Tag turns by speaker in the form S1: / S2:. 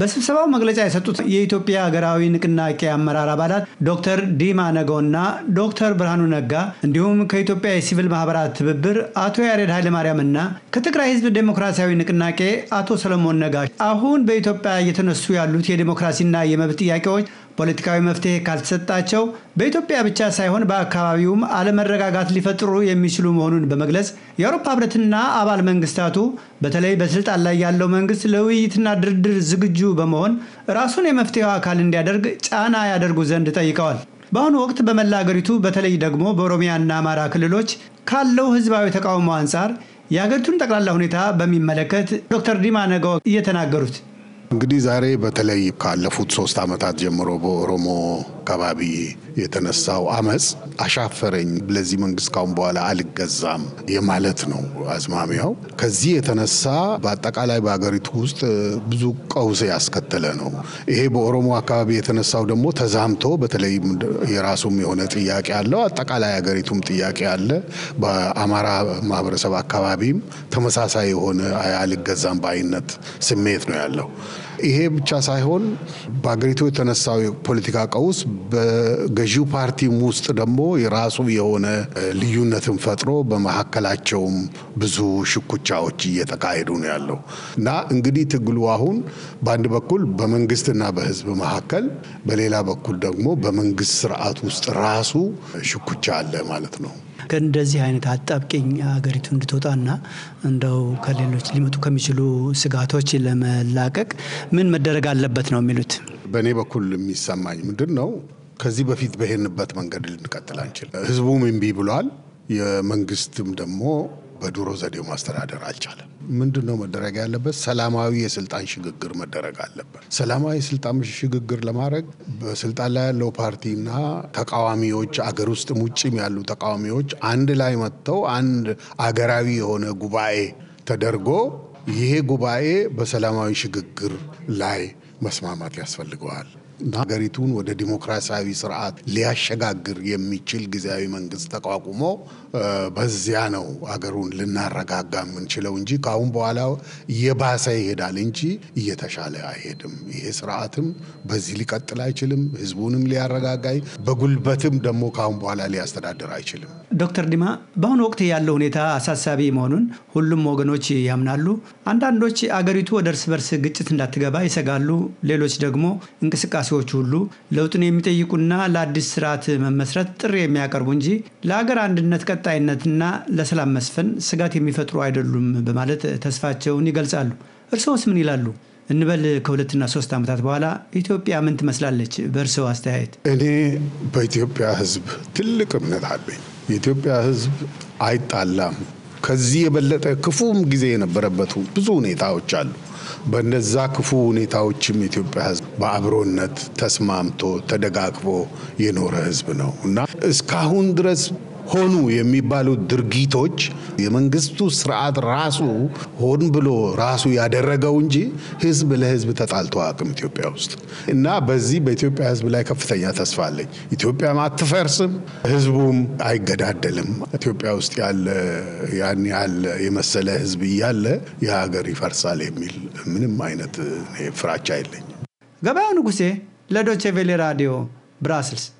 S1: በስብሰባው መግለጫ የሰጡት የኢትዮጵያ ሀገራዊ ንቅናቄ አመራር አባላት ዶክተር ዲማ ነጎና ዶክተር ብርሃኑ ነጋ እንዲሁም ከኢትዮጵያ የሲቪል ማህበራት ትብብር አቶ ያሬድ ኃይለማርያምና ከትግራይ ህዝብ ዴሞክራሲያዊ ንቅናቄ አቶ ሰለሞን ነጋ አሁን በኢትዮጵያ እየተነሱ ያሉት የዴሞክራሲና የመብት ጥያቄዎች ፖለቲካዊ መፍትሄ ካልተሰጣቸው በኢትዮጵያ ብቻ ሳይሆን በአካባቢውም አለመረጋጋት ሊፈጥሩ የሚችሉ መሆኑን በመግለጽ የአውሮፓ ህብረትና አባል መንግስታቱ በተለይ በስልጣን ላይ ያለው መንግስት ለውይይትና ድርድር ዝግጁ በመሆን ራሱን የመፍትሄው አካል እንዲያደርግ ጫና ያደርጉ ዘንድ ጠይቀዋል። በአሁኑ ወቅት በመላ አገሪቱ በተለይ ደግሞ በኦሮሚያና አማራ ክልሎች ካለው ህዝባዊ ተቃውሞ አንጻር የሀገሪቱን ጠቅላላ ሁኔታ በሚመለከት ዶክተር ዲማ ነገ እየተናገሩት እንግዲህ
S2: ዛሬ በተለይ ካለፉት ሶስት ዓመታት ጀምሮ በኦሮሞ አካባቢ የተነሳው አመፅ አሻፈረኝ፣ ለዚህ መንግስት ካሁን በኋላ አልገዛም የማለት ነው አዝማሚያው። ከዚህ የተነሳ በአጠቃላይ በሀገሪቱ ውስጥ ብዙ ቀውስ ያስከተለ ነው። ይሄ በኦሮሞ አካባቢ የተነሳው ደግሞ ተዛምቶ በተለይም የራሱም የሆነ ጥያቄ አለው። አጠቃላይ ሀገሪቱም ጥያቄ አለ። በአማራ ማህበረሰብ አካባቢም ተመሳሳይ የሆነ አልገዛም በአይነት ስሜት ነው ያለው። ይሄ ብቻ ሳይሆን በሀገሪቱ የተነሳው የፖለቲካ ቀውስ በገዢው ፓርቲም ውስጥ ደግሞ የራሱ የሆነ ልዩነትን ፈጥሮ በመካከላቸውም ብዙ ሽኩቻዎች እየተካሄዱ ነው ያለው እና እንግዲህ ትግሉ አሁን በአንድ በኩል በመንግስትና በህዝብ መካከል፣ በሌላ በኩል ደግሞ በመንግስት ስርዓት ውስጥ ራሱ ሽኩቻ አለ ማለት ነው።
S1: ከእንደዚህ አይነት አጣብቂኝ ሀገሪቱ እንድትወጣና እንደው ከሌሎች ሊመጡ ከሚችሉ ስጋቶች ለመላቀቅ ምን
S2: መደረግ አለበት ነው የሚሉት? በእኔ በኩል የሚሰማኝ ምንድን ነው ከዚህ በፊት በሄድንበት መንገድ ልንቀጥል አንችል። ህዝቡም እምቢ ብሏል። የመንግስትም ደግሞ በድሮ ዘዴው ማስተዳደር አልቻለም። ምንድን ነው መደረግ ያለበት? ሰላማዊ የስልጣን ሽግግር መደረግ አለበት። ሰላማዊ የስልጣን ሽግግር ለማድረግ በስልጣን ላይ ያለው ፓርቲና ተቃዋሚዎች፣ አገር ውስጥም ውጭም ያሉ ተቃዋሚዎች አንድ ላይ መጥተው አንድ አገራዊ የሆነ ጉባኤ ተደርጎ ይሄ ጉባኤ በሰላማዊ ሽግግር ላይ መስማማት ያስፈልገዋል እና ሀገሪቱን ወደ ዲሞክራሲያዊ ስርዓት ሊያሸጋግር የሚችል ጊዜያዊ መንግስት ተቋቁሞ በዚያ ነው አገሩን ልናረጋጋ የምንችለው እንጂ ከአሁን በኋላ እየባሰ ይሄዳል እንጂ እየተሻለ አይሄድም። ይሄ ስርዓትም በዚህ ሊቀጥል አይችልም። ህዝቡንም ሊያረጋጋይ በጉልበትም ደግሞ ከአሁን በኋላ ሊያስተዳድር አይችልም።
S1: ዶክተር ዲማ በአሁኑ ወቅት ያለው ሁኔታ አሳሳቢ መሆኑን ሁሉም ወገኖች ያምናሉ። አንዳንዶች አገሪቱ ወደ እርስ በርስ ግጭት እንዳትገባ ይሰጋሉ። ሌሎች ደግሞ እንቅስቃሴ እንቅስቃሴዎች ሁሉ ለውጥን የሚጠይቁና ለአዲስ ስርዓት መመስረት ጥሪ የሚያቀርቡ እንጂ ለሀገር አንድነት ቀጣይነትና ለሰላም መስፈን ስጋት የሚፈጥሩ አይደሉም በማለት ተስፋቸውን ይገልጻሉ። እርስዎስ ምን ይላሉ? እንበል ከሁለትና ሶስት ዓመታት በኋላ ኢትዮጵያ ምን ትመስላለች? በእርስዎ አስተያየት።
S2: እኔ በኢትዮጵያ ሕዝብ ትልቅ እምነት አለኝ። የኢትዮጵያ ሕዝብ አይጣላም፣ ከዚህ የበለጠ ክፉም ጊዜ የነበረበት ብዙ ሁኔታዎች አሉ። በነዛ ክፉ ሁኔታዎችም የኢትዮጵያ ሕዝብ በአብሮነት ተስማምቶ ተደጋግፎ የኖረ ሕዝብ ነው እና እስካሁን ድረስ ሆኑ የሚባሉ ድርጊቶች የመንግስቱ ስርዓት ራሱ ሆን ብሎ ራሱ ያደረገው እንጂ ህዝብ ለህዝብ ተጣልቶ አቅም ኢትዮጵያ ውስጥ እና በዚህ በኢትዮጵያ ህዝብ ላይ ከፍተኛ ተስፋ አለኝ። ኢትዮጵያም አትፈርስም፣ ህዝቡም አይገዳደልም። ኢትዮጵያ ውስጥ ያለ ያን ያለ የመሰለ ህዝብ እያለ የሀገር ይፈርሳል የሚል ምንም አይነት ፍራቻ የለኝ
S1: ገበያው ንጉሴ ለዶቼ ቬሌ ራዲዮ ብራስልስ